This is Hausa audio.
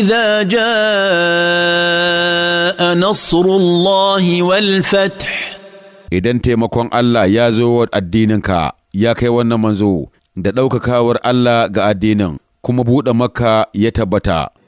اذا جاء نصر الله والفتح idan taimakon Allah ya zo wa addininka ya kai wannan manzo da ɗaukakawar Allah ga addinin kuma buɗe makka ya tabbata